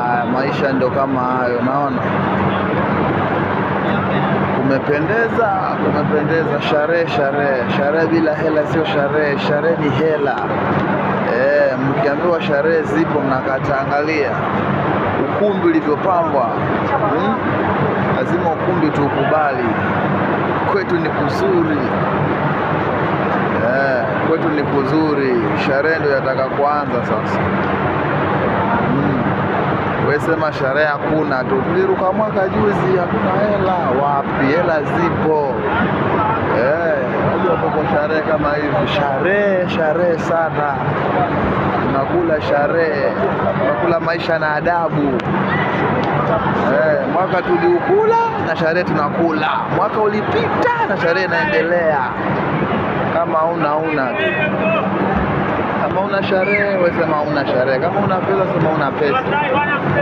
Haya, ah, maisha ndio kama hayo, unaona. Kumependeza, kumependeza. Sharehe, sharehe, sharehe bila hela sio sharehe. Sharehe ni hela. eh, mkiambiwa sharehe zipo mnakataangalia ukumbi ulivyopambwa, hmm? Lazima ukumbi tuukubali. Kwetu ni kuzuri eh, kwetu ni kuzuri. Sharehe ndio yataka kuanza sasa. Amesema sherehe hakuna tu, tuliruka mwaka juzi, hakuna hela. Wapi hela zipo? Kwa eh, sherehe kama hivi, sherehe sherehe sana, tunakula sherehe, tunakula maisha na adabu. Eh, mwaka tuliukula na sherehe tunakula, mwaka ulipita na sherehe inaendelea. Kama una una kama una sherehe, wewe, sema una sherehe. Kama una pesa, sema una pesa.